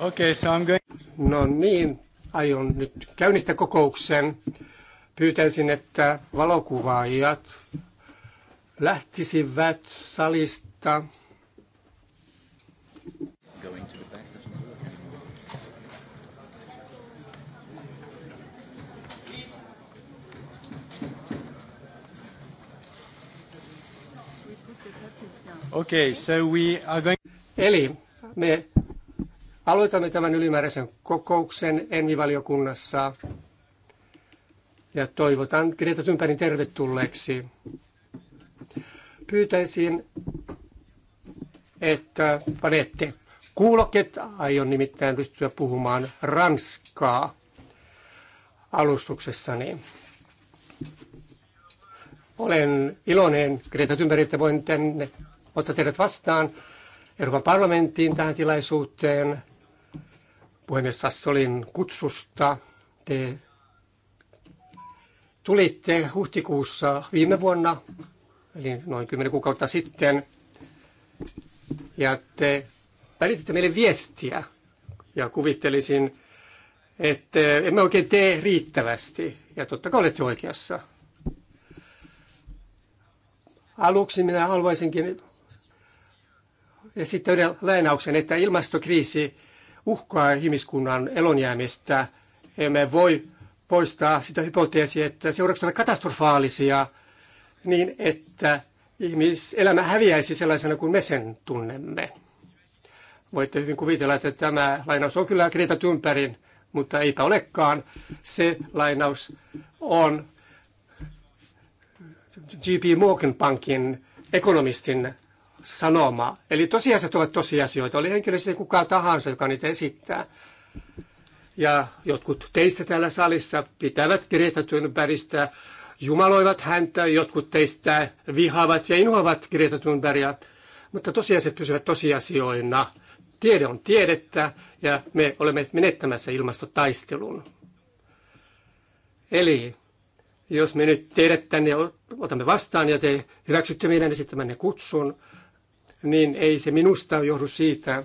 Okay, so I'm going... No niin, aion nyt käynnistää kokouksen. Pyytäisin, että valokuvaajat lähtisivät salista. Okay, so we are going... Eli me Aloitamme tämän ylimääräisen kokouksen Envivaliokunnassa ja toivotan Greta Thunbergin tervetulleeksi. Pyytäisin, että panette kuulokkeet. Aion nimittäin pystyä puhumaan ranskaa alustuksessani. Olen iloinen Greta Thunberg, että voin tänne ottaa teidät vastaan Euroopan parlamenttiin tähän tilaisuuteen puhemies Sassolin kutsusta. Te tulitte huhtikuussa viime vuonna, eli noin kymmenen kuukautta sitten, ja te välititte meille viestiä, ja kuvittelisin, että emme oikein tee riittävästi, ja totta kai olette oikeassa. Aluksi minä haluaisinkin esittää yhden lainauksen, että ilmastokriisi uhkaa ihmiskunnan elonjäämistä. Emme voi poistaa sitä hypoteesia, että seuraukset ovat katastrofaalisia niin, että ihmiselämä häviäisi sellaisena kuin me sen tunnemme. Voitte hyvin kuvitella, että tämä lainaus on kyllä Greta Thunbergin, mutta eipä olekaan. Se lainaus on G.P. Morgan Bankin ekonomistin sanoma. Eli tosiasiat ovat tosiasioita, oli henkilö sitten kuka tahansa, joka niitä esittää. Ja jotkut teistä täällä salissa pitävät Greta Thunbergistä, jumaloivat häntä, jotkut teistä vihaavat ja inhoavat Greta Thunbergia, mutta tosiasiat pysyvät tosiasioina. Tiede on tiedettä ja me olemme menettämässä ilmastotaistelun. Eli jos me nyt teidät tänne otamme vastaan ja te hyväksytte meidän esittämänne kutsun, niin ei se minusta johdu siitä,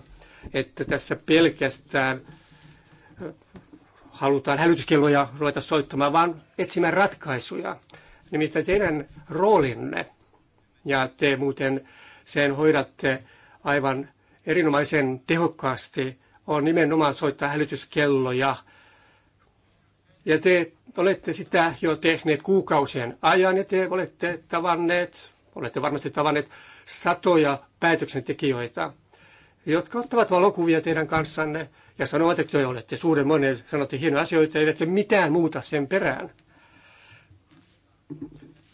että tässä pelkästään halutaan hälytyskelloja ruveta soittamaan, vaan etsimään ratkaisuja. Nimittäin teidän roolinne, ja te muuten sen hoidatte aivan erinomaisen tehokkaasti, on nimenomaan soittaa hälytyskelloja. Ja te olette sitä jo tehneet kuukausien ajan, ja te olette tavanneet, olette varmasti tavanneet satoja päätöksentekijöitä, jotka ottavat valokuvia teidän kanssanne ja sanovat, että te olette suuren monen, sanotte hienoja asioita, eivätkä mitään muuta sen perään.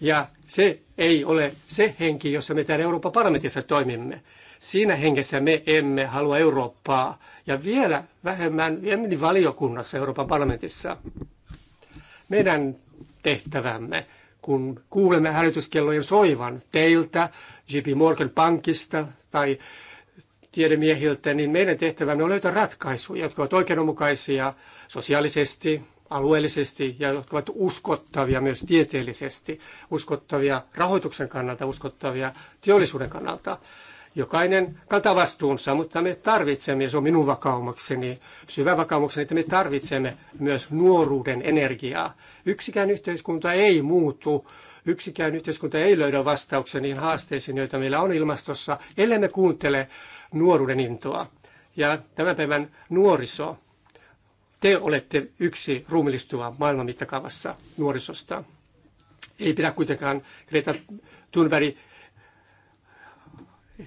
Ja se ei ole se henki, jossa me täällä Euroopan parlamentissa toimimme. Siinä hengessä me emme halua Eurooppaa ja vielä vähemmän valiokunnassa Euroopan parlamentissa. Meidän tehtävämme kun kuulemme hälytyskellojen soivan teiltä, JP Morgan Pankista tai tiedemiehiltä, niin meidän tehtävämme on löytää ratkaisuja, jotka ovat oikeudenmukaisia sosiaalisesti, alueellisesti ja jotka ovat uskottavia myös tieteellisesti, uskottavia rahoituksen kannalta, uskottavia teollisuuden kannalta. Jokainen kantaa vastuunsa, mutta me tarvitsemme, ja se on minun vakaumukseni, syvä vakaumukseni, että me tarvitsemme myös nuoruuden energiaa. Yksikään yhteiskunta ei muutu, yksikään yhteiskunta ei löydä vastauksia niihin haasteisiin, joita meillä on ilmastossa, ellei me kuuntele nuoruuden intoa. Ja tämän päivän nuoriso, te olette yksi ruumillistuva maailman mittakaavassa nuorisosta. Ei pidä kuitenkaan Greta Thunberg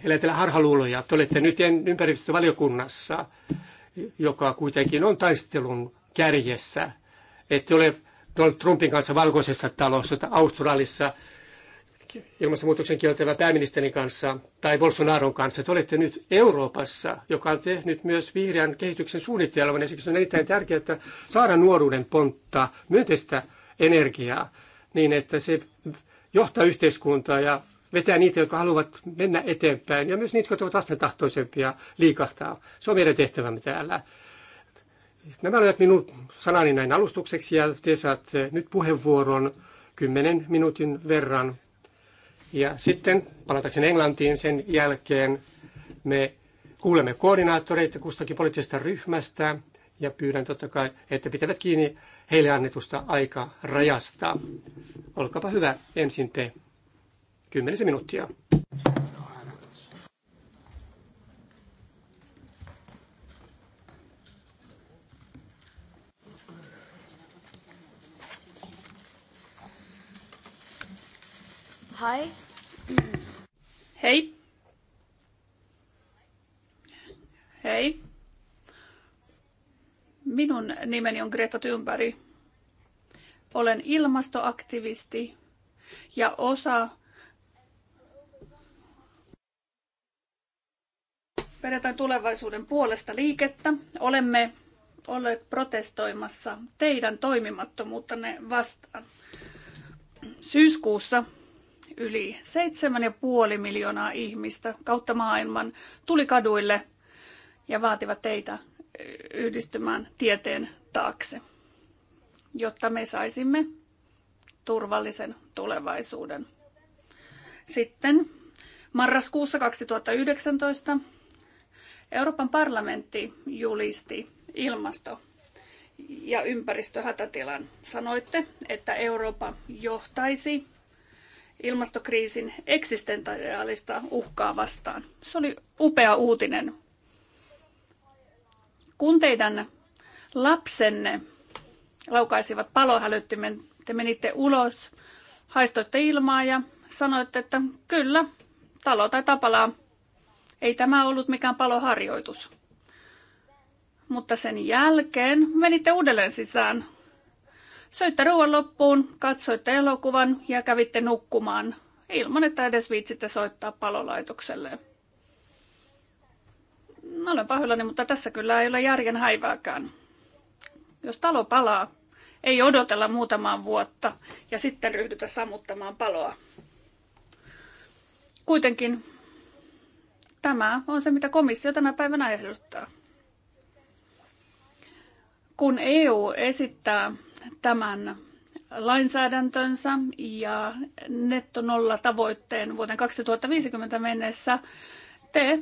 elätellä harhaluuloja. Te olette nyt ympäristövaliokunnassa, joka kuitenkin on taistelun kärjessä. Ette ole Donald Trumpin kanssa valkoisessa talossa tai Australissa ilmastonmuutoksen kieltävä pääministerin kanssa tai Bolsonaron kanssa. Te olette nyt Euroopassa, joka on tehnyt myös vihreän kehityksen suunnitelman. Ja siksi on erittäin tärkeää, että saada nuoruuden pontta myönteistä energiaa niin, että se johtaa yhteiskuntaa ja vetää niitä, jotka haluavat mennä eteenpäin ja myös niitä, jotka ovat vastentahtoisempia liikahtaa. Se on meidän tehtävämme täällä. Nämä olivat minun sanani näin alustukseksi ja te saatte eh, nyt puheenvuoron kymmenen minuutin verran. Ja sitten palatakseni Englantiin sen jälkeen me kuulemme koordinaattoreita kustakin poliittisesta ryhmästä ja pyydän totta kai, että pitävät kiinni heille annetusta rajasta. Olkaapa hyvä ensin te. 10 minuuttia. Hi. Hei. Hei. Minun nimeni on Greta Thunberg. Olen ilmastoaktivisti ja osa vedetään tulevaisuuden puolesta liikettä. Olemme olleet protestoimassa teidän toimimattomuuttanne vastaan. Syyskuussa yli 7,5 miljoonaa ihmistä kautta maailman tuli kaduille ja vaativat teitä eh, yhdistymään tieteen taakse, jotta me saisimme turvallisen tulevaisuuden. Sitten marraskuussa 2019 Euroopan parlamentti julisti ilmasto- ja ympäristöhätätilan. Sanoitte, että Eurooppa johtaisi ilmastokriisin eksistentiaalista uhkaa vastaan. Se oli upea uutinen. Kun teidän lapsenne laukaisivat palohälyttimen, te menitte ulos, haistoitte ilmaa ja sanoitte, että kyllä, talo tai tapalaa ei tämä ollut mikään paloharjoitus. Mutta sen jälkeen menitte uudelleen sisään. Söitte ruoan loppuun, katsoitte elokuvan ja kävitte nukkumaan, ilman että edes viitsitte soittaa palolaitokselle. Mä olen pahoillani, mutta tässä kyllä ei ole järjen häivääkään. Jos talo palaa, ei odotella muutamaan vuotta ja sitten ryhdytä sammuttamaan paloa. Kuitenkin Tämä on se, mitä komissio tänä päivänä ehdottaa. Kun EU esittää tämän lainsäädäntönsä ja nettonolla tavoitteen vuoteen 2050 mennessä, te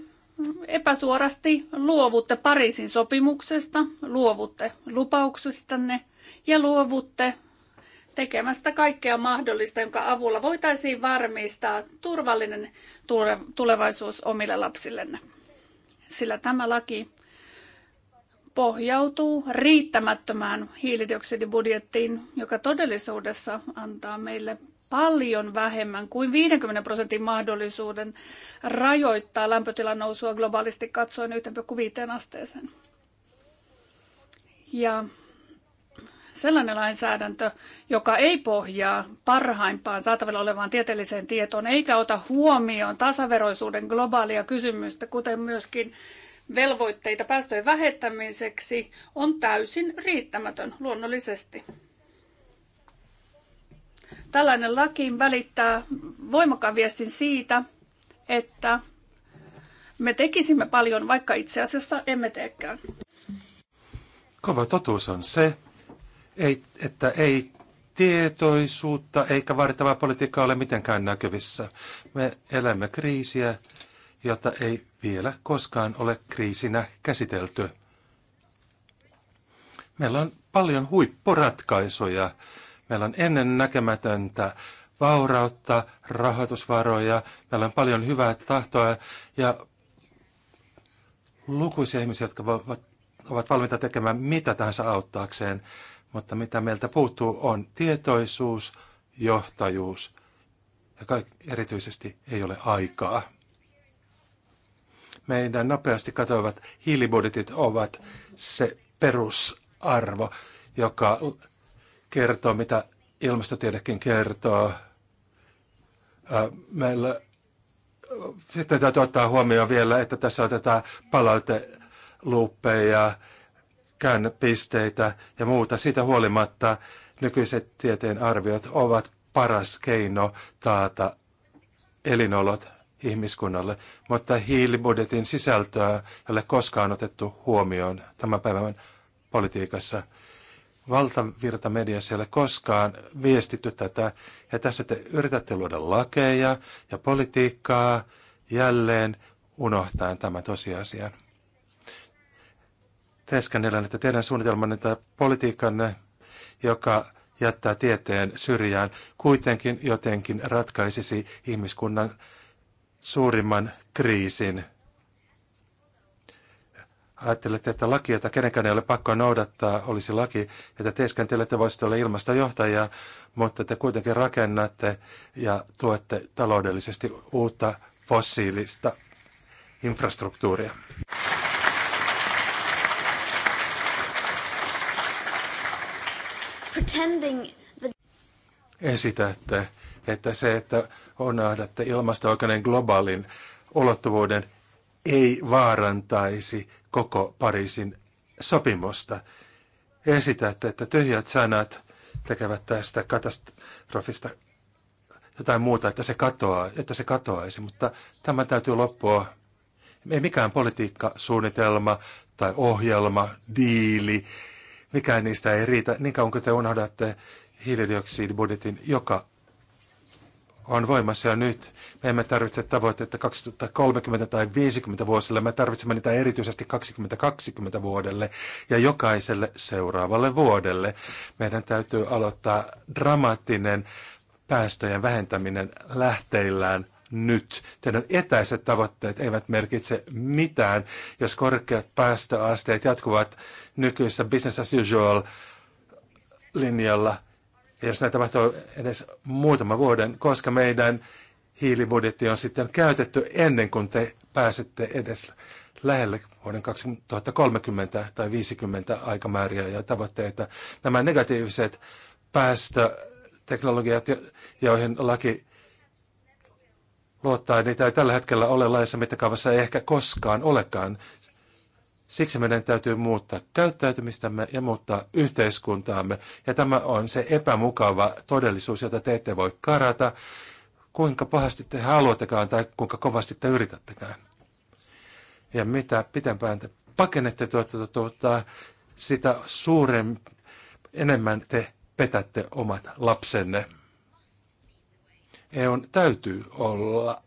epäsuorasti luovutte Pariisin sopimuksesta, luovutte lupauksistanne ja luovutte tekemästä kaikkea mahdollista, jonka avulla voitaisiin varmistaa turvallinen tulevaisuus omille lapsillenne. Sillä tämä laki pohjautuu riittämättömään hiilidioksidibudjettiin, joka todellisuudessa antaa meille paljon vähemmän kuin 50 prosentin mahdollisuuden rajoittaa lämpötilan nousua globaalisti katsoen 1,5 asteeseen. Ja sellainen lainsäädäntö, joka ei pohjaa parhaimpaan saatavilla olevaan tieteelliseen tietoon, eikä ota huomioon tasaveroisuuden globaalia kysymystä, kuten myöskin velvoitteita päästöjen vähettämiseksi, on täysin riittämätön luonnollisesti. Tällainen laki välittää voimakkaan viestin siitä, että me tekisimme paljon, vaikka itse asiassa emme teekään. Kova totuus on se, ei, että ei tietoisuutta eikä vaadittavaa politiikkaa ole mitenkään näkyvissä. Me elämme kriisiä, jota ei vielä koskaan ole kriisinä käsitelty. Meillä on paljon huipporatkaisuja. Meillä on ennen näkemätöntä vaurautta, rahoitusvaroja, meillä on paljon hyvää tahtoa ja lukuisia ihmisiä, jotka ovat valmiita tekemään mitä tahansa auttaakseen mutta mitä meiltä puuttuu on tietoisuus, johtajuus ja kaik- erityisesti ei ole aikaa. Meidän nopeasti katoavat hiilibudjetit ovat se perusarvo, joka kertoo, mitä ilmastotiedekin kertoo. Meillä sitten täytyy ottaa huomioon vielä, että tässä otetaan palauteluuppeja käännepisteitä ja muuta. Siitä huolimatta nykyiset tieteen arviot ovat paras keino taata elinolot ihmiskunnalle, mutta hiilibudjetin sisältöä ei ole koskaan otettu huomioon tämän päivän politiikassa. Valtavirta mediassa ei ole koskaan viestitty tätä, ja tässä te yritätte luoda lakeja ja politiikkaa jälleen unohtaen tämän tosiasian teeskennellään, että teidän suunnitelmanne tai politiikanne, joka jättää tieteen syrjään, kuitenkin jotenkin ratkaisisi ihmiskunnan suurimman kriisin. Ajattelette, että laki, jota kenenkään ei ole pakko noudattaa, olisi laki, että teeskentelette voisitte olla ilmastojohtajia, mutta te kuitenkin rakennatte ja tuette taloudellisesti uutta fossiilista infrastruktuuria. pretending that... Esitätte, että se, että on ilmasto ilmastoaikainen globaalin ulottuvuuden, ei vaarantaisi koko Pariisin sopimusta. Esitätte, että tyhjät sanat tekevät tästä katastrofista jotain muuta, että se, katoaa, että se katoaisi, mutta tämä täytyy loppua. Ei mikään politiikkasuunnitelma suunnitelma tai ohjelma, diili, Mikään niistä ei riitä niin kauan kuin te unohdatte hiilidioksidibudjetin, joka on voimassa jo nyt. Me emme tarvitse tavoitteita 2030 tai 50 vuosille, me tarvitsemme niitä erityisesti 2020 vuodelle ja jokaiselle seuraavalle vuodelle. Meidän täytyy aloittaa dramaattinen päästöjen vähentäminen lähteillään nyt. Teidän etäiset tavoitteet eivät merkitse mitään, jos korkeat päästöasteet jatkuvat nykyisessä business as usual linjalla. Ja jos näitä tapahtuu edes muutama vuoden, koska meidän hiilibudjetti on sitten käytetty ennen kuin te pääsette edes lähelle vuoden 2030 tai 50 aikamääriä ja tavoitteita. Nämä negatiiviset päästöteknologiat, joihin laki luottaa, niitä ei tällä hetkellä ole laajassa mittakaavassa, ei ehkä koskaan olekaan. Siksi meidän täytyy muuttaa käyttäytymistämme ja muuttaa yhteiskuntaamme. Ja tämä on se epämukava todellisuus, jota te ette voi karata, kuinka pahasti te haluattekaan tai kuinka kovasti te yritättekään. Ja mitä pitempään te pakennette tuota, tuota, sitä suuren enemmän te petätte omat lapsenne. EUn täytyy olla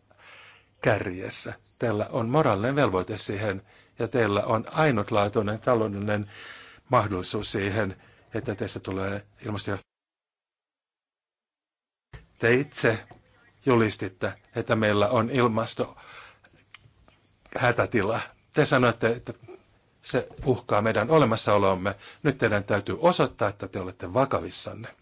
kärjessä. Teillä on moraalinen velvoite siihen ja teillä on ainutlaatuinen taloudellinen mahdollisuus siihen, että teistä tulee ilmastojohtaja. Te itse julistitte, että meillä on ilmasto hätätila. Te sanoitte, että se uhkaa meidän olemassaolomme. Nyt teidän täytyy osoittaa, että te olette vakavissanne.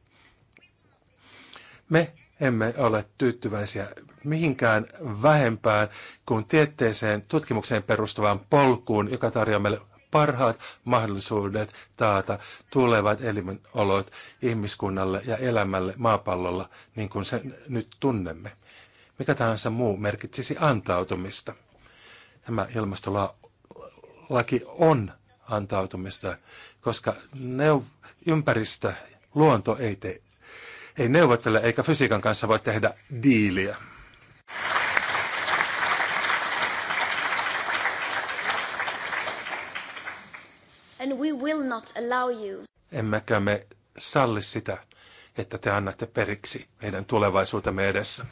Me emme ole tyytyväisiä mihinkään vähempään kuin tieteeseen tutkimukseen perustuvaan polkuun, joka tarjoaa meille parhaat mahdollisuudet taata tulevat elinolot ihmiskunnalle ja elämälle maapallolla, niin kuin se nyt tunnemme. Mikä tahansa muu merkitsisi antautumista. Tämä ilmastolaki on antautumista, koska ne ympäristö, luonto ei tee ei neuvottele eikä fysiikan kanssa voi tehdä diiliä. And we will not allow you. Emmekä me salli sitä, että te annatte periksi meidän tulevaisuutemme edessä.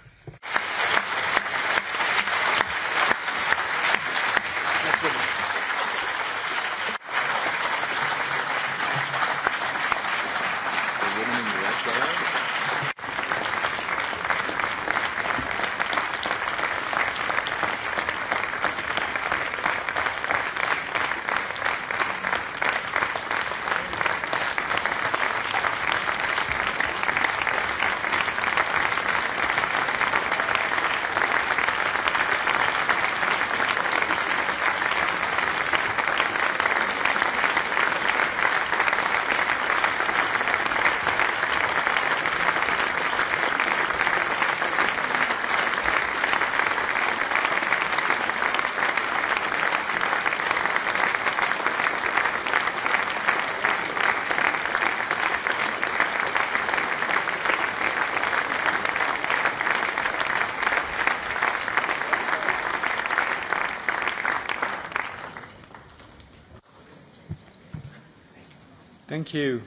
you.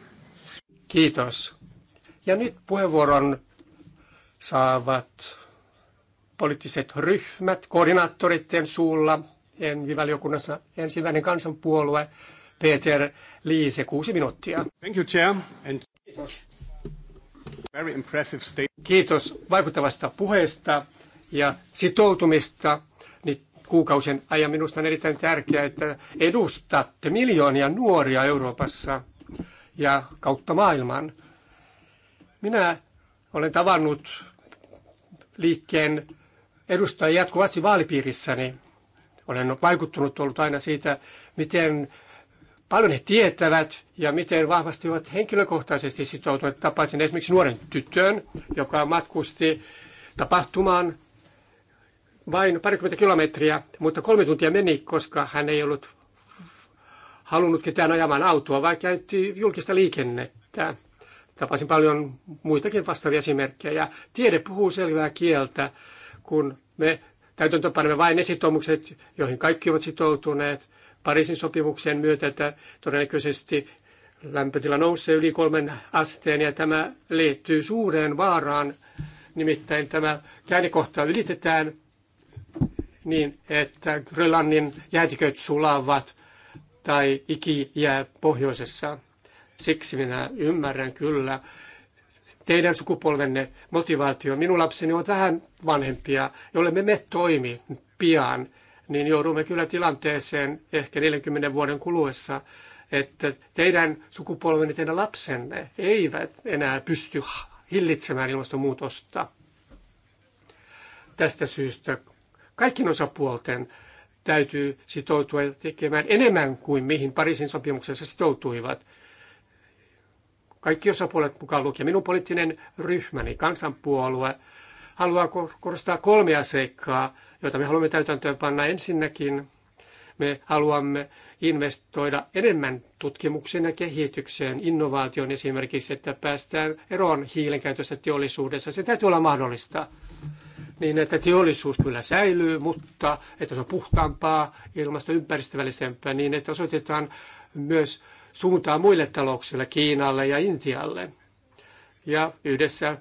Kiitos. Ja nyt puheenvuoron saavat poliittiset ryhmät koordinaattoritten suulla. envi ensimmäinen kansanpuolue Peter Liise, kuusi minuuttia. Thank you, Chair. And... Kiitos. Very impressive state. Kiitos vaikuttavasta puheesta ja sitoutumista niin kuukausien ajan. Minusta on erittäin tärkeää, että edustatte miljoonia nuoria Euroopassa – ja kautta maailman. Minä olen tavannut liikkeen edustajia jatkuvasti vaalipiirissäni. Olen vaikuttunut ollut aina siitä, miten paljon he tietävät ja miten vahvasti ovat henkilökohtaisesti sitoutuneet. Tapasin esimerkiksi nuoren tytön, joka matkusti tapahtumaan vain parikymmentä kilometriä, mutta kolme tuntia meni, koska hän ei ollut halunnut ketään ajamaan autoa, vaan käytti julkista liikennettä. Tapasin paljon muitakin vastaavia esimerkkejä. Tiede puhuu selvää kieltä, kun me täytäntöönpanemme vain esitomukset, joihin kaikki ovat sitoutuneet. Pariisin sopimuksen myötä, että todennäköisesti lämpötila nousee yli kolmen asteen ja tämä liittyy suureen vaaraan. Nimittäin tämä käännekohta ylitetään niin, että Grönlannin jäätiköt sulavat – tai iki jää pohjoisessa. Siksi minä ymmärrän kyllä teidän sukupolvenne motivaatio. Minun lapseni ovat vähän vanhempia, jolle me me toimi pian, niin joudumme kyllä tilanteeseen ehkä 40 vuoden kuluessa, että teidän sukupolvenne, teidän lapsenne eivät enää pysty hillitsemään ilmastonmuutosta. Tästä syystä kaikkien osapuolten täytyy sitoutua tekemään enemmän kuin mihin Pariisin sopimuksessa sitoutuivat. Kaikki osapuolet mukaan lukien minun poliittinen ryhmäni, kansanpuolue, haluaa korostaa kolmea seikkaa, joita me haluamme täytäntöönpanna Ensinnäkin me haluamme investoida enemmän tutkimukseen ja kehitykseen, innovaation esimerkiksi, että päästään eroon hiilen käytöstä teollisuudessa. Se täytyy olla mahdollista niin että teollisuus kyllä säilyy, mutta että se on puhtaampaa, ilmasto ympäristövällisempää, niin että osoitetaan myös suuntaa muille talouksille, Kiinalle ja Intialle. Ja yhdessä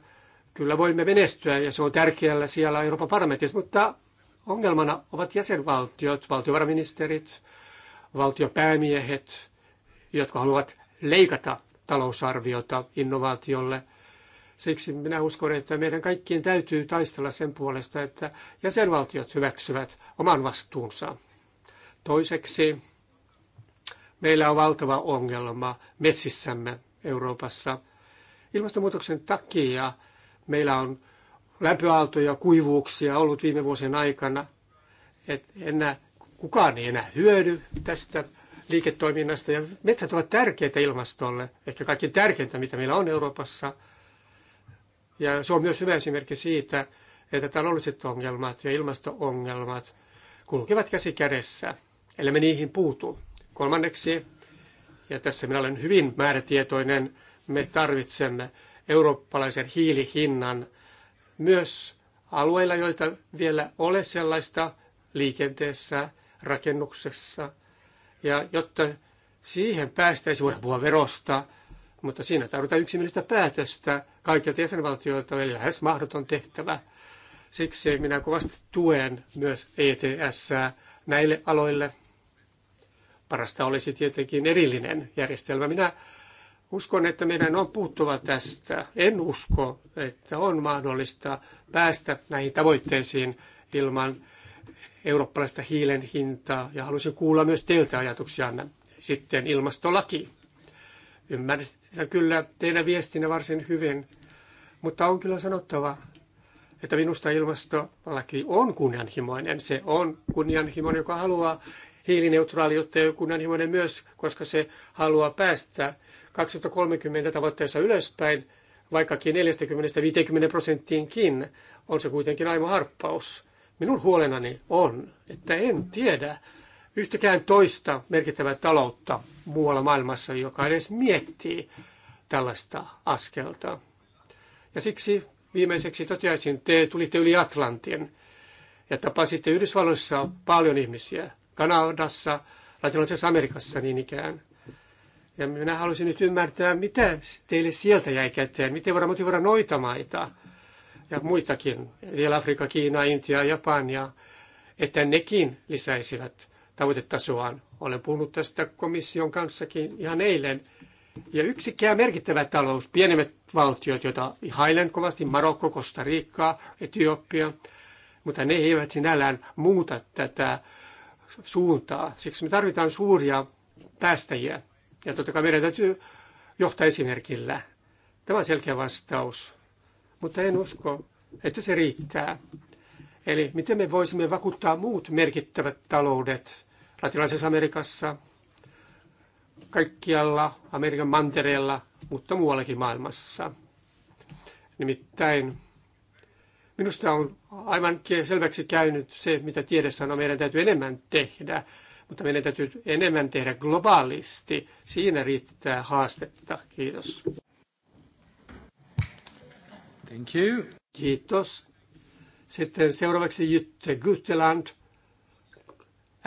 kyllä voimme menestyä, ja se on tärkeällä siellä Euroopan parlamentissa, mutta ongelmana ovat jäsenvaltiot, valtiovarainministerit, valtiopäämiehet, jotka haluavat leikata talousarviota innovaatiolle – Siksi minä uskon, että meidän kaikkien täytyy taistella sen puolesta, että jäsenvaltiot hyväksyvät oman vastuunsa. Toiseksi meillä on valtava ongelma metsissämme Euroopassa. Ilmastonmuutoksen takia meillä on lämpöaaltoja, kuivuuksia ollut viime vuosien aikana. Et enää, kukaan ei enää hyödy tästä liiketoiminnasta. Ja metsät ovat tärkeitä ilmastolle, ehkä kaikki tärkeintä, mitä meillä on Euroopassa – ja se on myös hyvä esimerkki siitä, että taloudelliset ongelmat ja ilmasto-ongelmat kulkevat käsi kädessä, eli me niihin puutu. Kolmanneksi, ja tässä minä olen hyvin määrätietoinen, me tarvitsemme eurooppalaisen hiilihinnan myös alueilla, joita vielä ole sellaista liikenteessä, rakennuksessa. Ja jotta siihen päästäisiin, voidaan puhua verosta, mutta siinä tarvitaan yksimielistä päätöstä kaikilta jäsenvaltioilta eli lähes mahdoton tehtävä. Siksi minä kovasti tuen myös ETS näille aloille. Parasta olisi tietenkin erillinen järjestelmä. Minä uskon, että meidän on puuttuva tästä. En usko, että on mahdollista päästä näihin tavoitteisiin ilman eurooppalaista hiilen hintaa. Ja haluaisin kuulla myös teiltä ajatuksianne sitten ilmastolaki. Ymmärsin kyllä teidän viestinne varsin hyvin, mutta on kyllä sanottava, että minusta ilmastolaki on kunnianhimoinen. Se on kunnianhimoinen, joka haluaa hiilineutraaliutta ja kunnianhimoinen myös, koska se haluaa päästä 2030 tavoitteessa ylöspäin, vaikkakin 40-50 prosenttiinkin on se kuitenkin aivan harppaus. Minun huolenani on, että en tiedä, yhtäkään toista merkittävää taloutta muualla maailmassa, joka edes miettii tällaista askelta. Ja siksi viimeiseksi toteaisin, te tulitte yli Atlantin ja tapasitte Yhdysvalloissa paljon ihmisiä, Kanadassa, Latinalaisessa Amerikassa niin ikään. Ja minä haluaisin nyt ymmärtää, mitä teille sieltä jäi käteen, miten voidaan motivoida noita maita ja muitakin, vielä afrikka Kiina, Intia, Japania, että nekin lisäisivät tavoitetasoaan. Olen puhunut tästä komission kanssakin ihan eilen. Ja yksikään merkittävä talous, pienemmät valtiot, joita ihailen kovasti, Marokko, Costa Rica, Etiopia, mutta ne eivät sinällään muuta tätä suuntaa. Siksi me tarvitaan suuria päästäjiä. Ja totta kai meidän täytyy johtaa esimerkillä. Tämä on selkeä vastaus. Mutta en usko, että se riittää. Eli miten me voisimme vakuuttaa muut merkittävät taloudet Latinalaisessa Amerikassa, kaikkialla Amerikan mantereella, mutta muuallakin maailmassa. Nimittäin minusta on aivan selväksi käynyt se, mitä tiede sanoo, meidän täytyy enemmän tehdä, mutta meidän täytyy enemmän tehdä globaalisti. Siinä riittää haastetta. Kiitos. Thank you. Kiitos. Sitten seuraavaksi Jytte Gutteland,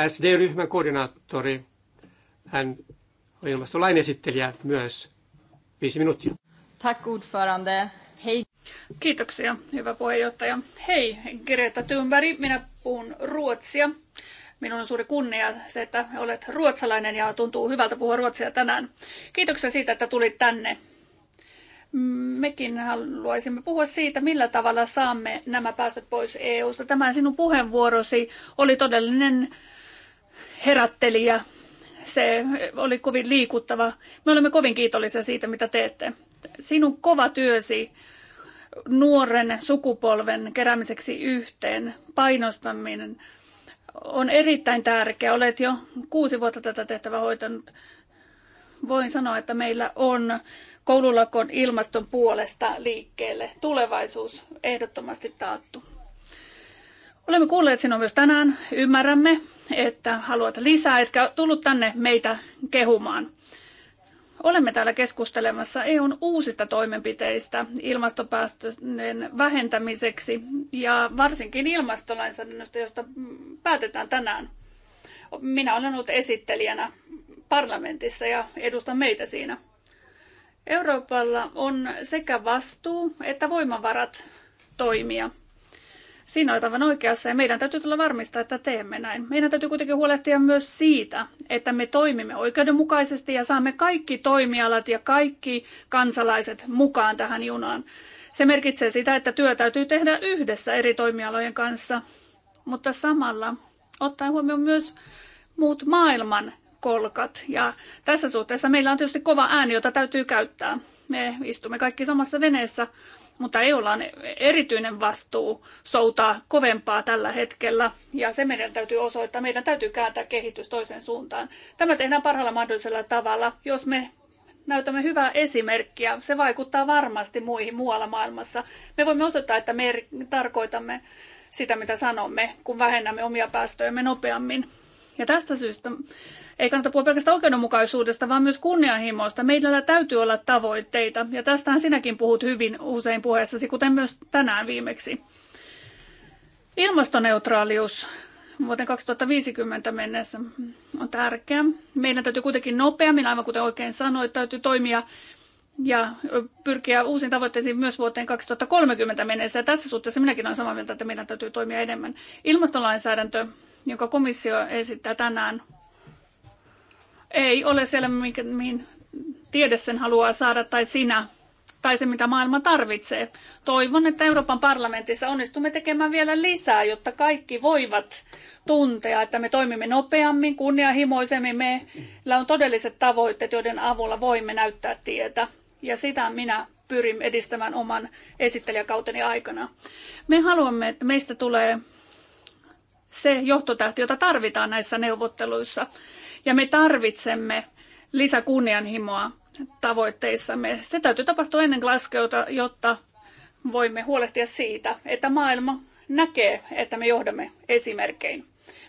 SD-ryhmän koordinaattori. Hän on ilmastolain esittelijä myös. Viisi minuuttia. Tack ordförande. Hei. Kiitoksia, hyvä puheenjohtaja. Hei, Greta Thunberg, minä puhun ruotsia. Minun on suuri kunnia se, että olet ruotsalainen ja tuntuu hyvältä puhua ruotsia tänään. Kiitoksia siitä, että tulit tänne mekin haluaisimme puhua siitä, millä tavalla saamme nämä päästöt pois EU-sta. Tämä sinun puheenvuorosi oli todellinen herättelijä. Se oli kovin liikuttava. Me olemme kovin kiitollisia siitä, mitä teette. Sinun kova työsi nuoren sukupolven keräämiseksi yhteen, painostaminen, on erittäin tärkeä. Olet jo kuusi vuotta tätä tehtävää hoitanut. Voin sanoa, että meillä on koululakon ilmaston puolesta liikkeelle. Tulevaisuus ehdottomasti taattu. Olemme kuulleet sinua myös tänään. Ymmärrämme, että haluat lisää, etkä tullut tänne meitä kehumaan. Olemme täällä keskustelemassa EUn uusista toimenpiteistä ilmastopäästöjen vähentämiseksi ja varsinkin ilmastolainsäädännöstä, josta päätetään tänään. Minä olen ollut esittelijänä parlamentissa ja edustan meitä siinä. Euroopalla on sekä vastuu että voimavarat toimia. Siinä olet aivan oikeassa ja meidän täytyy tulla varmistaa, että teemme näin. Meidän täytyy kuitenkin huolehtia myös siitä, että me toimimme oikeudenmukaisesti ja saamme kaikki toimialat ja kaikki kansalaiset mukaan tähän junaan. Se merkitsee sitä, että työ täytyy tehdä yhdessä eri toimialojen kanssa, mutta samalla ottaen huomioon myös muut maailman kolkat. Ja tässä suhteessa meillä on tietysti kova ääni, jota täytyy käyttää. Me istumme kaikki samassa veneessä, mutta ei olla erityinen vastuu soutaa kovempaa tällä hetkellä. Ja se meidän täytyy osoittaa, meidän täytyy kääntää kehitys toiseen suuntaan. Tämä tehdään parhaalla mahdollisella tavalla, jos me näytämme hyvää esimerkkiä. Se vaikuttaa varmasti muihin muualla maailmassa. Me voimme osoittaa, että me tarkoitamme sitä, mitä sanomme, kun vähennämme omia päästöjämme nopeammin. Ja tästä syystä ei kannata puhua pelkästään oikeudenmukaisuudesta, vaan myös kunnianhimoista. Meillä täytyy olla tavoitteita, ja tästähän sinäkin puhut hyvin usein puheessasi, kuten myös tänään viimeksi. Ilmastoneutraalius vuoteen 2050 mennessä on tärkeä. Meidän täytyy kuitenkin nopeammin, aivan kuten oikein sanoit, täytyy toimia ja pyrkiä uusiin tavoitteisiin myös vuoteen 2030 mennessä. Ja tässä suhteessa minäkin olen samaa mieltä, että meidän täytyy toimia enemmän. Ilmastolainsäädäntö, jonka komissio esittää tänään, ei ole siellä, mikä, mihin tiede sen haluaa saada tai sinä tai se, mitä maailma tarvitsee. Toivon, että Euroopan parlamentissa onnistumme tekemään vielä lisää, jotta kaikki voivat tuntea, että me toimimme nopeammin, kunnianhimoisemmin. Meillä on todelliset tavoitteet, joiden avulla voimme näyttää tietä. Ja sitä minä pyrin edistämään oman esittelijäkauteni aikana. Me haluamme, että meistä tulee se johtotähti, jota tarvitaan näissä neuvotteluissa. Ja me tarvitsemme lisäkunnianhimoa tavoitteissamme. Se täytyy tapahtua ennen Glasgowta, jotta voimme huolehtia siitä, että maailma näkee, että me johdamme esimerkkein.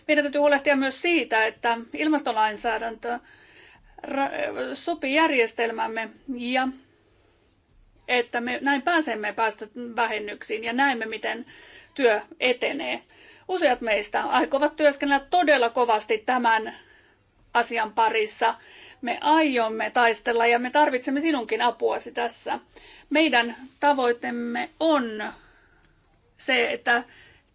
Meidän täytyy huolehtia myös siitä, että ilmastolainsäädäntö sopii järjestelmämme ja että me näin pääsemme päästövähennyksiin ja näemme, miten työ etenee. Useat meistä aikovat työskennellä todella kovasti tämän asian parissa. Me aiomme taistella ja me tarvitsemme sinunkin apuasi tässä. Meidän tavoitteemme on se, että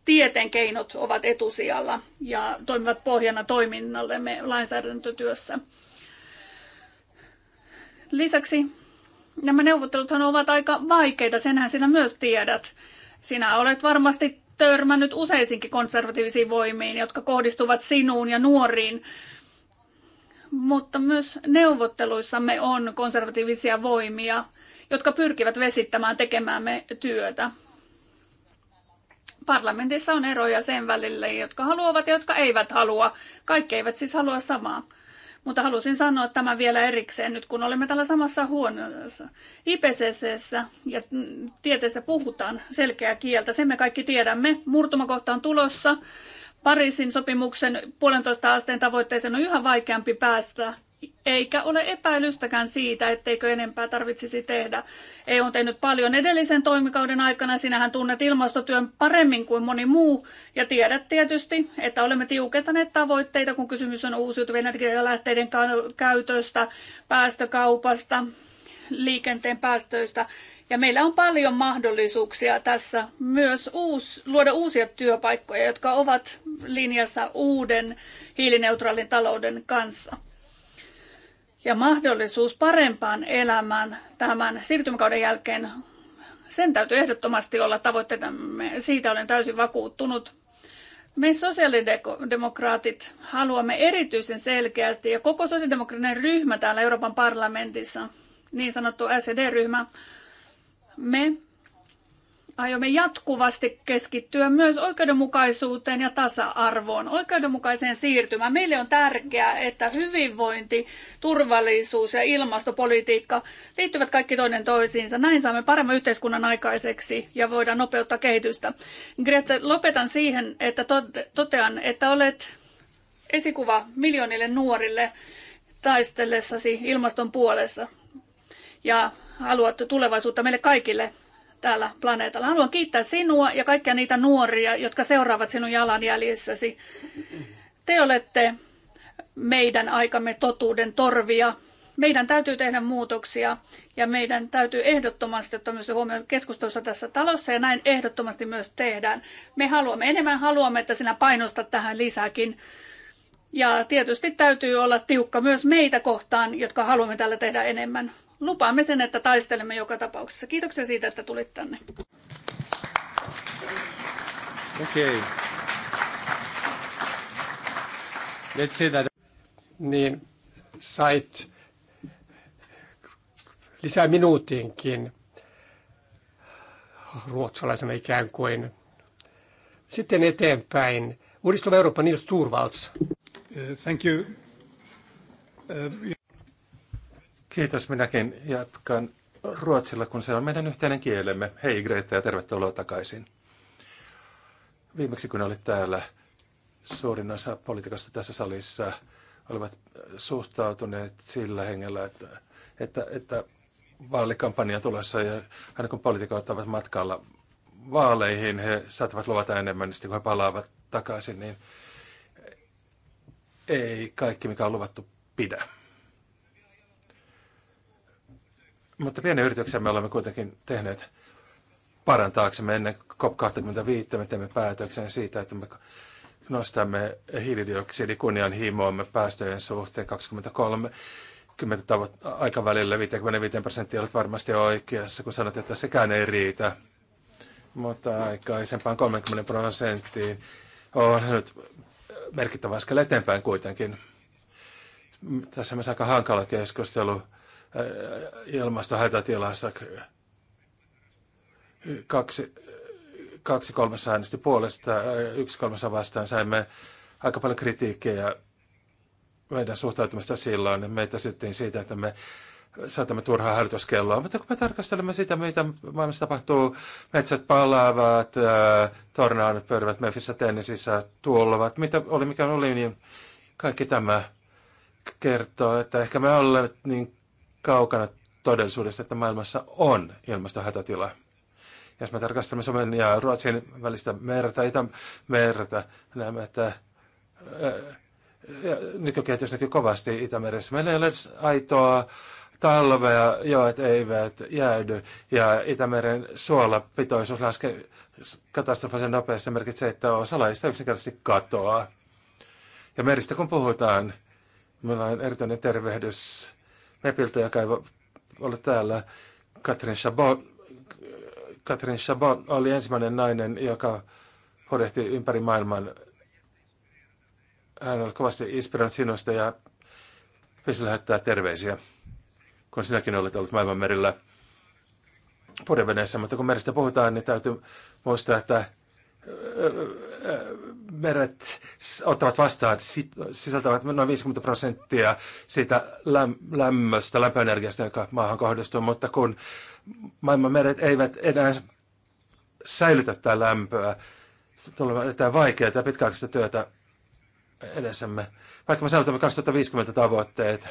tieteen keinot ovat etusijalla ja toimivat pohjana toiminnallemme lainsäädäntötyössä. Lisäksi nämä neuvotteluthan ovat aika vaikeita, senhän sinä myös tiedät. Sinä olet varmasti törmännyt useisinkin konservatiivisiin voimiin, jotka kohdistuvat sinuun ja nuoriin mutta myös neuvotteluissamme on konservatiivisia voimia, jotka pyrkivät vesittämään tekemäämme työtä. Parlamentissa on eroja sen välillä, jotka haluavat ja jotka eivät halua. Kaikki eivät siis halua samaa. Mutta halusin sanoa tämän vielä erikseen nyt, kun olemme täällä samassa huoneessa. IPCCssä ja tieteessä puhutaan selkeää kieltä, sen me kaikki tiedämme. Murtumakohta on tulossa Pariisin sopimuksen puolentoista asteen tavoitteeseen on yhä vaikeampi päästä, eikä ole epäilystäkään siitä, etteikö enempää tarvitsisi tehdä. EU on tehnyt paljon edellisen toimikauden aikana, sinähän tunnet ilmastotyön paremmin kuin moni muu, ja tiedät tietysti, että olemme tiukentaneet tavoitteita, kun kysymys on uusiutuvien energialähteiden käytöstä, päästökaupasta, liikenteen päästöistä. Ja meillä on paljon mahdollisuuksia tässä myös luoda uusia työpaikkoja, jotka ovat linjassa uuden hiilineutraalin talouden kanssa. Ja mahdollisuus parempaan elämään tämän siirtymäkauden jälkeen, sen täytyy ehdottomasti olla tavoitteitamme. Siitä olen täysin vakuuttunut. Me sosiaalidemokraatit haluamme erityisen selkeästi, ja koko sosiaalidemokraattinen ryhmä täällä Euroopan parlamentissa niin sanottu SED-ryhmä, me aiomme jatkuvasti keskittyä myös oikeudenmukaisuuteen ja tasa-arvoon, oikeudenmukaiseen siirtymään. Meille on tärkeää, että hyvinvointi, turvallisuus ja ilmastopolitiikka liittyvät kaikki toinen toisiinsa. Näin saamme paremman yhteiskunnan aikaiseksi ja voidaan nopeuttaa kehitystä. Grete, lopetan siihen, että totean, että olet esikuva miljoonille nuorille taistellessasi ilmaston puolesta ja haluat tulevaisuutta meille kaikille täällä planeetalla. Haluan kiittää sinua ja kaikkia niitä nuoria, jotka seuraavat sinun jalanjäljissäsi. Te olette meidän aikamme totuuden torvia. Meidän täytyy tehdä muutoksia ja meidän täytyy ehdottomasti ottaa myös huomioon keskustelussa tässä talossa ja näin ehdottomasti myös tehdään. Me haluamme enemmän, haluamme, että sinä painostat tähän lisäkin. Ja tietysti täytyy olla tiukka myös meitä kohtaan, jotka haluamme tällä tehdä enemmän lupaamme sen, että taistelemme joka tapauksessa. Kiitoksia siitä, että tulit tänne. Okay. Let's say that. Niin, sait lisää minuutinkin ruotsalaisena ikään kuin. Sitten eteenpäin. Uudistuva Eurooppa Nils Uh, thank you. Uh, Kiitos minäkin. Jatkan ruotsilla, kun se on meidän yhteinen kielemme. Hei Greta ja tervetuloa takaisin. Viimeksi kun olit täällä, suurin osa poliitikosta tässä salissa olivat suhtautuneet sillä hengellä, että, että, että vaalikampanja tulossa ja aina kun poliitikot ovat matkalla vaaleihin, he saattavat luvata enemmän, niin sitten kun he palaavat takaisin, niin ei kaikki, mikä on luvattu, pidä. Mutta pienen yrityksen me olemme kuitenkin tehneet parantaaksemme ennen COP25. Me teemme päätöksen siitä, että me nostamme hiilidioksidikunnianhimoamme päästöjen suhteen 23 10 tavoit- aikavälillä 55 prosenttia olet varmasti oikeassa, kun sanot, että sekään ei riitä. Mutta aikaisempaan 30 prosenttiin on nyt merkittävä askel eteenpäin kuitenkin. Tässä on myös aika hankala keskustelu ilmastohätätilasta. Kaksi, kaksi kolmessa äänesti puolesta, yksi kolmessa vastaan. Saimme aika paljon kritiikkiä meidän suhtautumista silloin. Meitä syttiin siitä, että me saatamme turhaa hälytyskelloa, mutta kun me tarkastelemme sitä, mitä maailmassa tapahtuu, metsät palaavat, tornaadot pyörivät Memphissä tennisissä, tuolovat, mitä oli mikä oli, niin kaikki tämä kertoo, että ehkä me olemme niin kaukana todellisuudesta, että maailmassa on ilmastohätätila. Jos me tarkastamme Suomen ja Ruotsin välistä merta, Itämerta, näemme, että äh, äh, nykykehitys näkyy kovasti Itämeressä. Meillä ei ole aitoa talvea, joet eivät jäädy ja Itämeren suolapitoisuus laskee katastrofisen nopeasti. merkitsee, että laista yksinkertaisesti katoaa. Ja meristä kun puhutaan, meillä on erityinen tervehdys Mepiltä, joka ei ole täällä, Katrin Chabot. Katrin Chabot oli ensimmäinen nainen, joka horehti ympäri maailman. Hän oli kovasti inspiroinut sinusta ja Pysi lähettää terveisiä, kun sinäkin olet ollut maailman merillä Mutta kun meristä puhutaan, niin täytyy muistaa, että meret ottavat vastaan, sisältävät noin 50 prosenttia siitä lämmöstä, lämpöenergiasta, joka maahan kohdistuu, mutta kun maailman meret eivät enää säilytä tätä lämpöä, tulee erittäin vaikeaa ja pitkäaikaista työtä edessämme. Vaikka me saavutamme 2050 tavoitteet,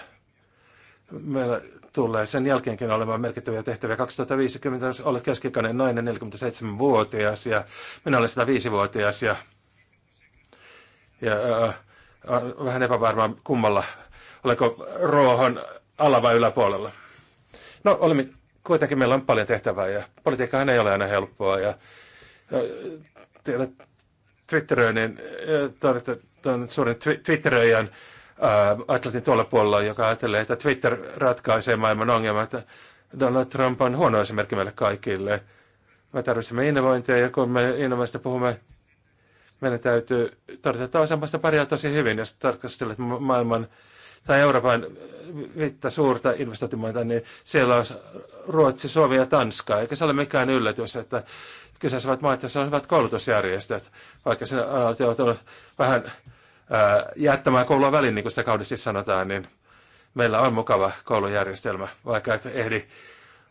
meillä tulee sen jälkeenkin olemaan merkittäviä tehtäviä. 2050 olet keskikäinen nainen, 47-vuotias ja minä olen 105-vuotias ja, ja äh, äh vähän epävarmaa kummalla, Oleko ruohon ala- vai yläpuolella. No olemme, kuitenkin meillä on paljon tehtävää ja politiikkahan ei ole aina helppoa ja, ja tiedät, Twitteröinen, niin, äh, suurin twi- Twitteröijän Atlantin tuolla puolella, joka ajattelee, että Twitter ratkaisee maailman ongelmat. Donald Trump on huono esimerkki meille kaikille. Me tarvitsemme innovointia ja kun me innovoinnista puhumme, meidän täytyy todeta, että osaamasta pärjää tosi hyvin, jos tarkastelet maailman tai Euroopan viittä suurta investointimaita, niin siellä on Ruotsi, Suomi ja Tanska. Eikä se ole mikään yllätys, että kyseessä ovat maat, joissa on hyvät koulutusjärjestöt, vaikka sen on ollut vähän jättämään koulua väliin, niin kuin sitä kaudessa siis sanotaan, niin meillä on mukava koulujärjestelmä, vaikka et ehdi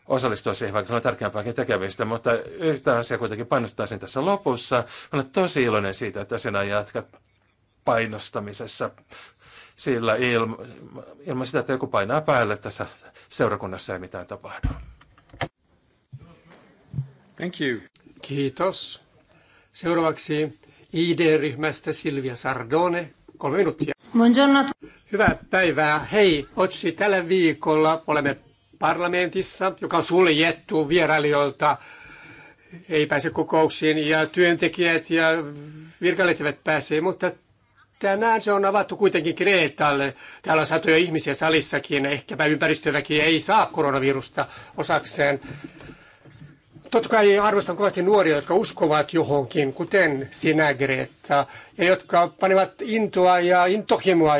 osallistua siihen, vaikka se on tärkeämpääkin tekemistä, mutta yhtä asiaa kuitenkin sen tässä lopussa. Olen tosi iloinen siitä, että sinä jatkat painostamisessa sillä ilman ilma sitä, että joku painaa päälle tässä seurakunnassa ei mitään tapahdu. Thank you. Kiitos. Seuraavaksi ID-ryhmästä Silvia Sardone, kolme minuuttia. Buongiorno. Hyvää päivää. Hei, Otsi, tällä viikolla olemme parlamentissa, joka on suljettu vierailijoilta. Ei pääse kokouksiin ja työntekijät ja virkailijat eivät pääse, mutta tänään se on avattu kuitenkin Kreetalle. Täällä on satoja ihmisiä salissakin. Ehkäpä ympäristöväki ei saa koronavirusta osakseen. Totta kai arvostan kovasti nuoria, jotka uskovat johonkin, kuten sinä Greta, ja jotka panevat intoa ja intohimoa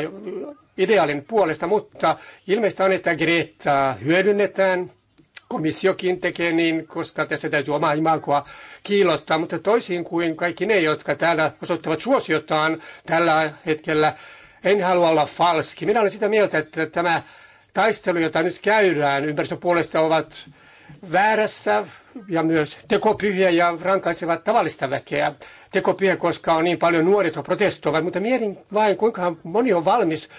ideaalin puolesta, mutta ilmeistä on, että Greta hyödynnetään. Komissiokin tekee niin, koska tässä täytyy omaa imagoa kiilottaa, mutta toisin kuin kaikki ne, jotka täällä osoittavat suosiotaan tällä hetkellä, en halua olla falski. Minä olen sitä mieltä, että tämä taistelu, jota nyt käydään ympäristöpuolesta, ovat väärässä ja myös tekopyhiä ja rankaisevat tavallista väkeä. Tekopyhiä, koska on niin paljon nuoria, jotka protestoivat, mutta mietin vain, kuinka moni on valmis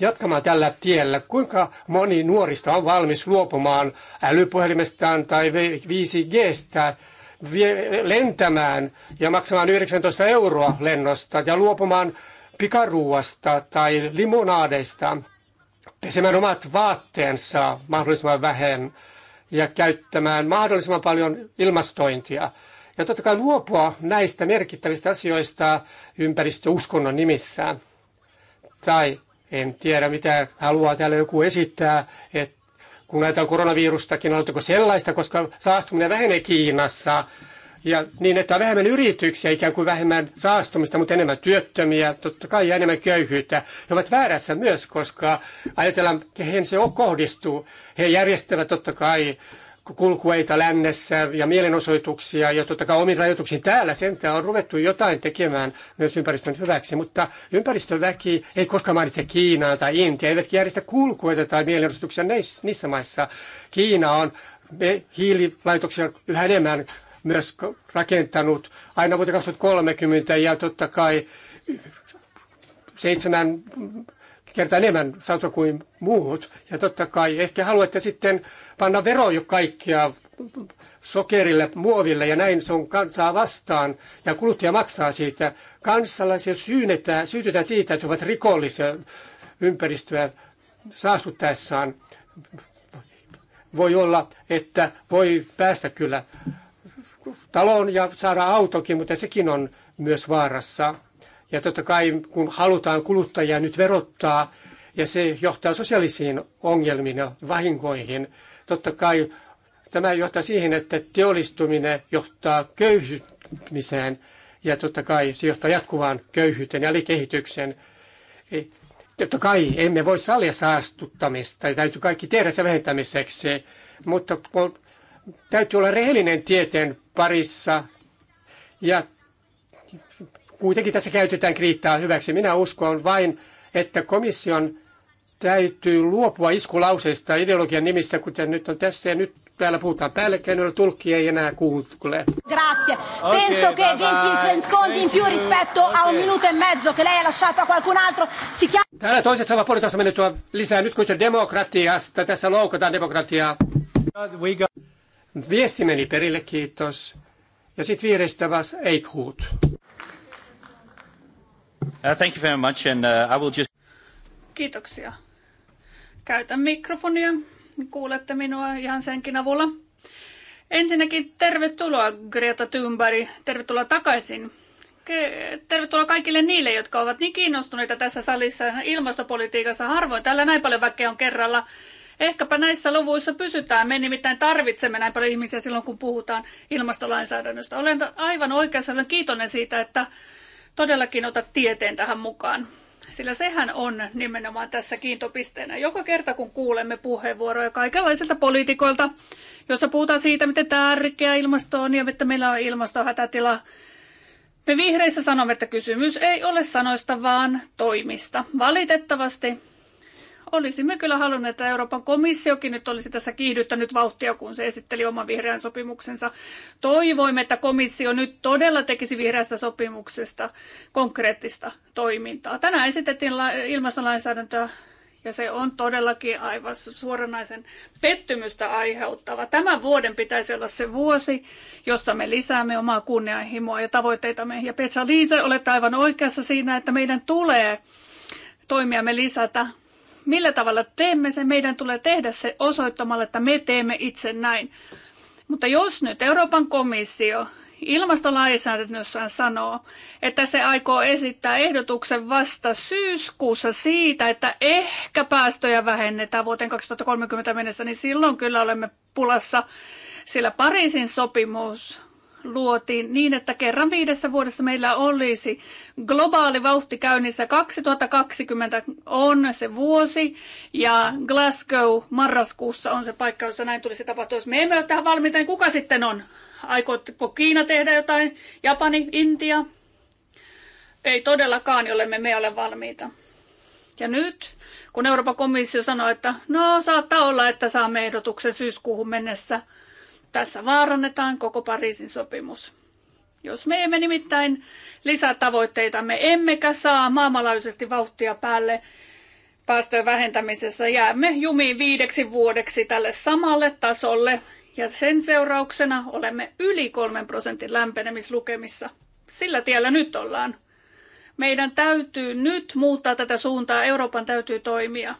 jatkamaan tällä tiellä. Kuinka moni nuorista on valmis luopumaan älypuhelimestaan tai 5Gstä, lentämään ja maksamaan 19 euroa lennosta ja luopumaan pikaruuasta tai limonaadeista, pesemään omat vaatteensa mahdollisimman vähän – ja käyttämään mahdollisimman paljon ilmastointia. Ja totta kai luopua näistä merkittävistä asioista ympäristöuskonnon nimissään. Tai en tiedä, mitä haluaa täällä joku esittää, että kun näitä on koronavirustakin, aloittako sellaista, koska saastuminen vähenee Kiinassa – ja niin, että on vähemmän yrityksiä, ikään kuin vähemmän saastumista, mutta enemmän työttömiä, totta kai ja enemmän köyhyyttä. He ovat väärässä myös, koska ajatellaan, kehen se kohdistuu. He järjestävät totta kai kulkueita lännessä ja mielenosoituksia ja totta kai omin rajoituksiin täällä sentään on ruvettu jotain tekemään myös ympäristön hyväksi, mutta ympäristöväki ei koskaan mainitse Kiinaa tai Intiaa, eivätkä järjestä kulkueita tai mielenosoituksia niissä maissa. Kiina on hiililaitoksia yhä enemmän myös rakentanut aina vuoteen 2030 ja totta kai seitsemän kertaa enemmän sato kuin muut. Ja totta kai ehkä haluatte sitten panna vero jo kaikkia sokerille, muoville ja näin se on kansaa vastaan ja kuluttaja maksaa siitä. Kansalaisia syynetään, syytetään siitä, että ovat rikollisia ympäristöä saastuttaessaan. Voi olla, että voi päästä kyllä talon ja saada autokin, mutta sekin on myös vaarassa. Ja totta kai kun halutaan kuluttajia nyt verottaa, ja se johtaa sosiaalisiin ongelmiin ja vahinkoihin, totta kai tämä johtaa siihen, että teollistuminen johtaa köyhtymiseen ja totta kai se johtaa jatkuvaan köyhyyteen ja kehityksen. E, totta kai emme voi sallia saastuttamista ja täytyy kaikki tehdä se vähentämiseksi, mutta kun täytyy olla rehellinen tieteen parissa ja kuitenkin tässä käytetään kriittaa hyväksi. Minä uskon vain, että komission täytyy luopua iskulauseista ideologian nimissä, kuten nyt on tässä ja nyt täällä puhutaan päällekkäin, tulkki ei enää kuule. Grazie. Okay, Penso che 20 secondi in più rispetto okay. a un minuto e mezzo che lei ha lasciato a qualcun altro si chiama... Täällä toiset saavat puolitoista minuuttia lisää. Nyt kun se demokratiasta, tässä loukataan demokratiaa. We got... Viesti meni perille, kiitos. Ja sitten vierestä vas Eichhut. Uh, thank you very much and uh, I will just... Kiitoksia. Käytän mikrofonia. Kuulette minua ihan senkin avulla. Ensinnäkin tervetuloa Greta Thunberg. Tervetuloa takaisin tervetuloa kaikille niille, jotka ovat niin kiinnostuneita tässä salissa ilmastopolitiikassa. Harvoin täällä näin paljon väkeä on kerralla. Ehkäpä näissä luvuissa pysytään. Me nimittäin tarvitsemme näin paljon ihmisiä silloin, kun puhutaan ilmastolainsäädännöstä. Olen aivan oikeassa, olen kiitollinen siitä, että todellakin otat tieteen tähän mukaan. Sillä sehän on nimenomaan tässä kiintopisteenä. Joka kerta, kun kuulemme puheenvuoroja kaikenlaisilta poliitikoilta, jossa puhutaan siitä, miten tärkeä ilmasto on ja että meillä on ilmastohätätila, me vihreissä sanomme, että kysymys ei ole sanoista, vaan toimista. Valitettavasti Olisimme kyllä halunneet, että Euroopan komissiokin nyt olisi tässä kiihdyttänyt vauhtia, kun se esitteli oman vihreän sopimuksensa. Toivoimme, että komissio nyt todella tekisi vihreästä sopimuksesta konkreettista toimintaa. Tänään esitettiin ilmastolainsäädäntöä ja se on todellakin aivan suoranaisen pettymystä aiheuttava. Tämän vuoden pitäisi olla se vuosi, jossa me lisäämme omaa kunnianhimoa ja tavoitteitamme. Ja Petsa Liise, olette aivan oikeassa siinä, että meidän tulee toimiamme lisätä millä tavalla teemme sen, meidän tulee tehdä se osoittamalla, että me teemme itse näin. Mutta jos nyt Euroopan komissio ilmastolainsäädännössään sanoo, että se aikoo esittää ehdotuksen vasta syyskuussa siitä, että ehkä päästöjä vähennetään vuoteen 2030 mennessä, niin silloin kyllä olemme pulassa, sillä Pariisin sopimus luotiin niin, että kerran viidessä vuodessa meillä olisi globaali vauhti käynnissä. 2020 on se vuosi ja Glasgow marraskuussa on se paikka, jossa näin tulisi tapahtua. Jos me emme ole tähän valmiita, niin kuka sitten on? Aikoitko Kiina tehdä jotain? Japani? Intia? Ei todellakaan, jollemme me ole valmiita. Ja nyt, kun Euroopan komissio sanoi, että no saattaa olla, että saamme ehdotuksen syyskuuhun mennessä – tässä vaarannetaan koko Pariisin sopimus. Jos me emme nimittäin lisää tavoitteitamme, emmekä saa maailmanlaajuisesti vauhtia päälle päästöjen vähentämisessä, jäämme jumiin viideksi vuodeksi tälle samalle tasolle ja sen seurauksena olemme yli kolmen prosentin lämpenemislukemissa. Sillä tiellä nyt ollaan. Meidän täytyy nyt muuttaa tätä suuntaa, Euroopan täytyy toimia.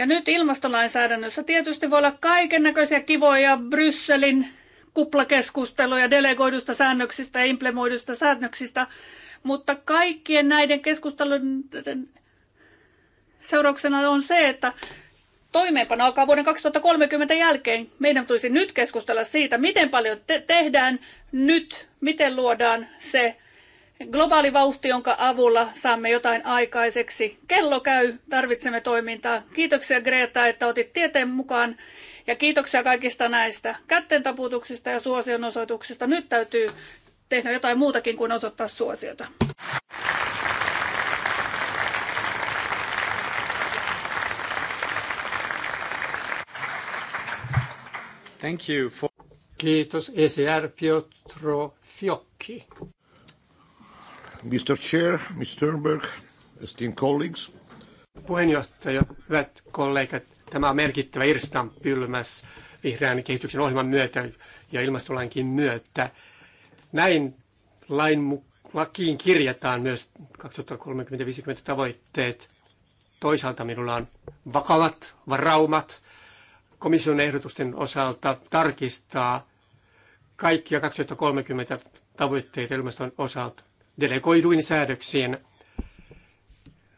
Ja nyt ilmastolainsäädännössä tietysti voi olla kaiken näköisiä kivoja Brysselin kuplakeskusteluja delegoidusta säännöksistä ja implemoidusta säännöksistä, mutta kaikkien näiden keskustelujen seurauksena on se, että toimeenpano alkaa vuoden 2030 jälkeen. Meidän tulisi nyt keskustella siitä, miten paljon te- tehdään nyt, miten luodaan se globaali vauhti, jonka avulla saamme jotain aikaiseksi. Kello käy, tarvitsemme toimintaa. Kiitoksia Greta, että otit tieteen mukaan ja kiitoksia kaikista näistä kätten taputuksista ja suosionosoituksista. Nyt täytyy tehdä jotain muutakin kuin osoittaa suosiota. Thank you for... Kiitos Esi Arpio Fiocchi. Mr. Chair, Mr. Sternberg, esteemed colleagues. Puheenjohtaja, hyvät kollegat, tämä on merkittävä irstanpylmäs vihreän kehityksen ohjelman myötä ja ilmastolainkin myötä. Näin lain, lakiin kirjataan myös 2030-50 tavoitteet. Toisaalta minulla on vakavat varaumat komission ehdotusten osalta tarkistaa kaikkia 2030 tavoitteita ilmaston osalta delegoiduin säädöksiin.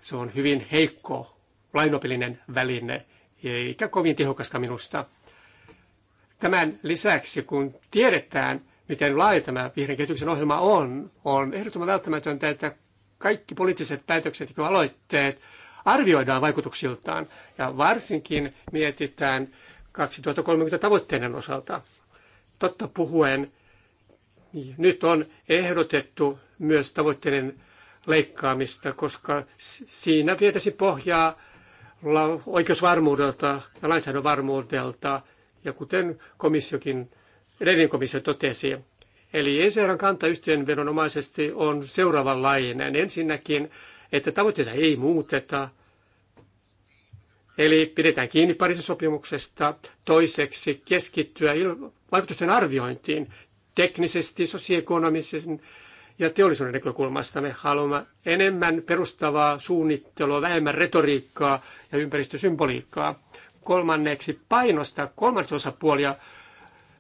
Se on hyvin heikko lainopillinen väline, eikä kovin tehokasta minusta. Tämän lisäksi, kun tiedetään, miten laaja tämä vihreän kehityksen ohjelma on, on ehdottoman välttämätöntä, että kaikki poliittiset päätökset ja aloitteet arvioidaan vaikutuksiltaan ja varsinkin mietitään 2030 tavoitteiden osalta. Totta puhuen nyt on ehdotettu myös tavoitteiden leikkaamista, koska siinä vietäisi pohjaa oikeusvarmuudelta ja lainsäädännön varmuudelta, ja kuten komissiokin, edellinen komissio totesi. Eli ECRn kanta yhteenvedonomaisesti on seuraavanlainen. Ensinnäkin, että tavoitteita ei muuteta, Eli pidetään kiinni Pariisin sopimuksesta. Toiseksi keskittyä vaikutusten arviointiin teknisesti, sosioekonomisen ja teollisuuden näkökulmasta. Me haluamme enemmän perustavaa suunnittelua, vähemmän retoriikkaa ja ympäristösymboliikkaa. Kolmanneksi painostaa kolmannesta osapuolia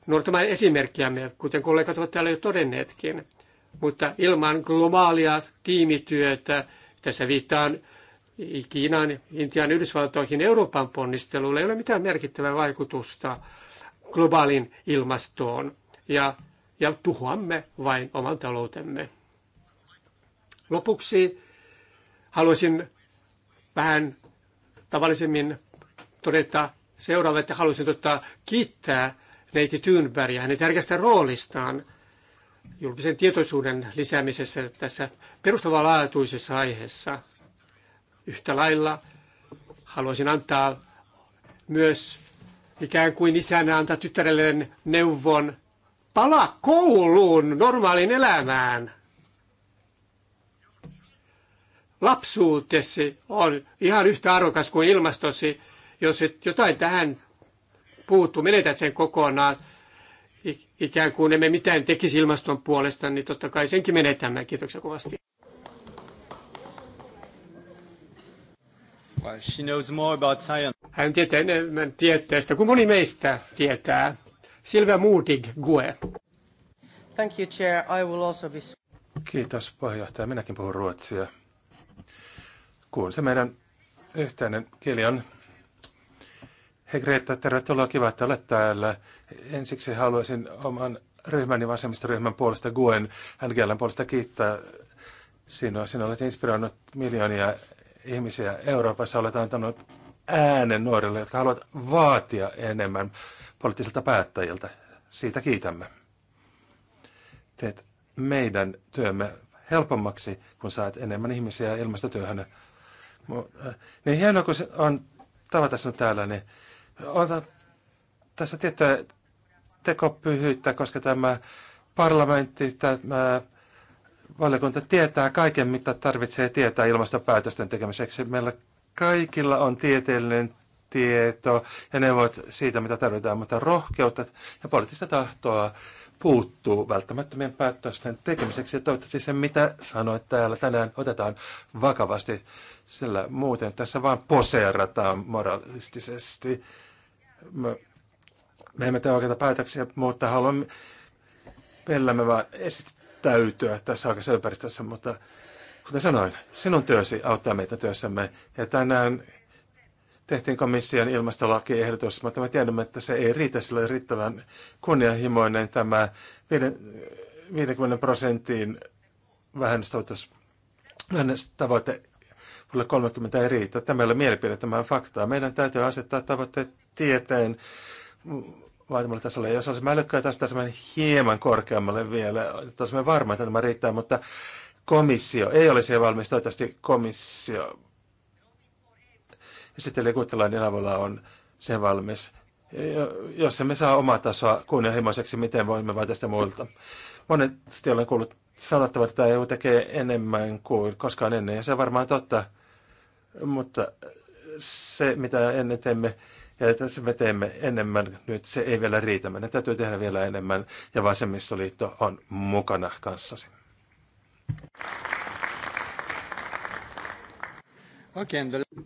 nuortamaan esimerkkiämme, kuten kollegat ovat täällä jo todenneetkin. Mutta ilman globaalia tiimityötä, tässä viittaan Kiinan, Intian, Yhdysvaltoihin, Euroopan ponnistelulle, ei ole mitään merkittävää vaikutusta globaalin ilmastoon ja ja tuhoamme vain oman taloutemme. Lopuksi haluaisin vähän tavallisemmin todeta seuraava, että haluaisin tota, kiittää neiti ja hänen tärkeästä roolistaan julkisen tietoisuuden lisäämisessä tässä perustavanlaatuisessa aiheessa. Yhtä lailla haluaisin antaa myös ikään kuin isänä antaa tyttärelleen neuvon Palaa kouluun, normaaliin elämään. Lapsuutesi on ihan yhtä arvokas kuin ilmastosi. Jos et jotain tähän puuttu, menetät sen kokonaan. Ikään kuin emme mitään tekisi ilmaston puolesta, niin totta kai senkin menetämme. Kiitoksia kovasti. Hän tietää enemmän tieteestä kuin moni meistä tietää. Silvia Muutig, GUE. Thank you, Chair. I will also be... Kiitos puheenjohtaja. Minäkin puhun ruotsia. Kun se meidän yhteinen kieli on. Hei Greta, tervetuloa. Kiva, että olet täällä. Ensiksi haluaisin oman ryhmäni vasemmistoryhmän puolesta, GUEN, NGLn puolesta kiittää sinua. Sinä olet inspiroinut miljoonia ihmisiä Euroopassa. Olet antanut äänen nuorille, jotka haluavat vaatia enemmän poliittisilta päättäjiltä. Siitä kiitämme. Teet meidän työmme helpommaksi, kun saat enemmän ihmisiä ilmastotyöhön. Äh, niin hienoa, kun se on tavata sinut täällä, niin on tässä tiettyä tekopyhyyttä, koska tämä parlamentti, tämä valiokunta tietää kaiken, mitä tarvitsee tietää ilmastopäätösten tekemiseksi. Meillä kaikilla on tieteellinen tieto ja neuvot siitä, mitä tarvitaan, mutta rohkeutta ja poliittista tahtoa puuttuu välttämättömien päätösten tekemiseksi. Ja toivottavasti se, mitä sanoit täällä tänään, otetaan vakavasti, sillä muuten tässä vain poseerataan moralistisesti. Me, me emme tee oikeita päätöksiä, mutta haluamme pellämme vaan esittäytyä tässä aikaisessa ympäristössä, mutta kuten sanoin, sinun työsi auttaa meitä työssämme. Ja tänään tehtiin komission ilmastolakiehdotus, mutta me tiedämme, että se ei riitä sille riittävän kunnianhimoinen tämä 50 prosentin vähennystavoitus. Vähennystavoite vuodelle 30 ei riitä. Tämä ei ole mielipide, tämä on faktaa. Meidän täytyy asettaa tavoitteet tieteen vaatimalla tasolla. Jos olisimme älykkäitä, asettaisimme hieman korkeammalle vielä. Olisimme varma, että tämä riittää, mutta komissio ei ole valmis. Toivottavasti komissio ja sitten leguttilainen avulla on sen valmis. jos emme saa omaa tasoa kunnianhimoiseksi, miten voimme vaatia sitä muilta? Monesti olen kuullut sanottavan, että EU tekee enemmän kuin koskaan ennen, ja se on varmaan totta. Mutta se, mitä ennen teemme, ja että me teemme enemmän nyt, se ei vielä riitä. Meidän täytyy tehdä vielä enemmän, ja Vasemmistoliitto on mukana kanssasi.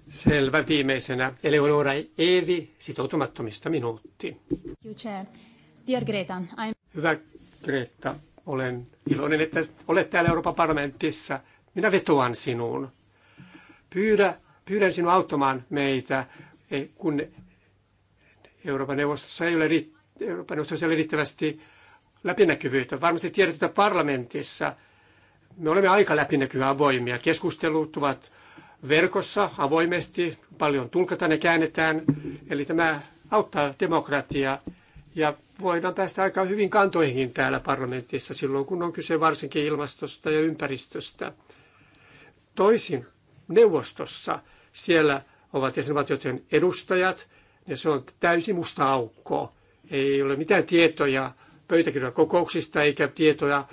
Selvä viimeisenä. Eleonora Eevi sitoutumattomista minuutti. You chair. Dear Greta, I'm... Hyvä Greta, olen iloinen, että olet täällä Euroopan parlamentissa. Minä vetoan sinuun. Pyydä, pyydän sinua auttamaan meitä, eh, kun Euroopan neuvostossa ei ole, Euroopan neuvostossa ei ole riittävästi läpinäkyvyyttä. Varmasti tiedät, että parlamentissa me olemme aika läpinäkyvää avoimia. Keskustelut ovat verkossa avoimesti, paljon tulkataan ja käännetään. Eli tämä auttaa demokratiaa ja voidaan päästä aika hyvin kantoihin täällä parlamentissa silloin, kun on kyse varsinkin ilmastosta ja ympäristöstä. Toisin neuvostossa siellä ovat jäsenvaltioiden edustajat ja se on täysin musta aukko. Ei ole mitään tietoja pöytäkirjakokouksista eikä tietoja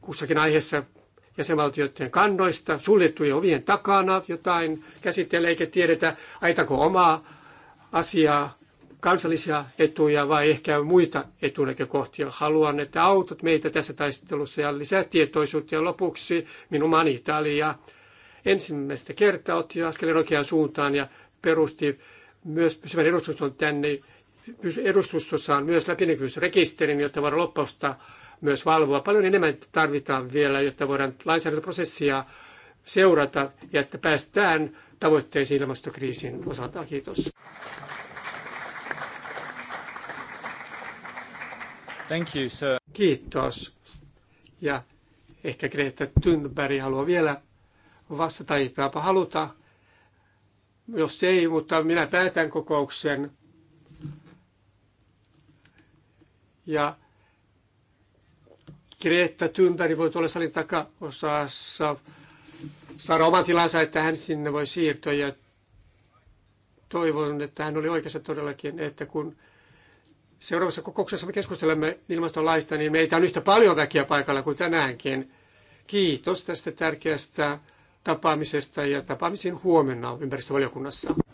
kussakin aiheessa jäsenvaltioiden kannoista suljettujen ovien takana jotain käsitellä, eikä tiedetä, aitako omaa asiaa, kansallisia etuja vai ehkä muita etunäkökohtia. Haluan, että autat meitä tässä taistelussa ja lisää tietoisuutta. Ja lopuksi minun maani Italia ensimmäistä kertaa otti askeleen oikeaan suuntaan ja perusti myös pysyvän edustuston tänne edustustossaan myös läpinäkyvyysrekisterin, jotta voidaan loppausta myös valvoa. Paljon enemmän tarvitaan vielä, jotta voidaan lainsäädäntöprosessia seurata ja että päästään tavoitteisiin ilmastokriisin osalta. Kiitos. Thank you, sir. Kiitos. Ja ehkä Greta Thunberg haluaa vielä vastata, eikäpä haluta. Jos ei, mutta minä päätän kokouksen. Ja Greta Thunberg voi tuolla salin takaosassa saada oman tilansa, että hän sinne voi siirtyä. Ja toivon, että hän oli oikeassa todellakin, että kun seuraavassa kokouksessa me keskustelemme ilmastolaista, niin meitä on yhtä paljon väkeä paikalla kuin tänäänkin. Kiitos tästä tärkeästä tapaamisesta ja tapaamisiin huomenna ympäristövaliokunnassa.